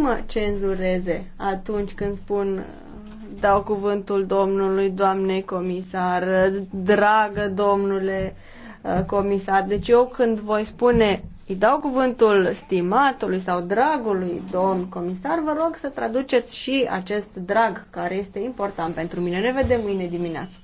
mă cenzureze atunci când spun dau cuvântul domnului, doamne comisar, dragă domnule uh, comisar. Deci eu când voi spune îi dau cuvântul stimatului sau dragului domn comisar, vă rog să traduceți și acest drag care este important pentru mine. Ne vedem mâine dimineață.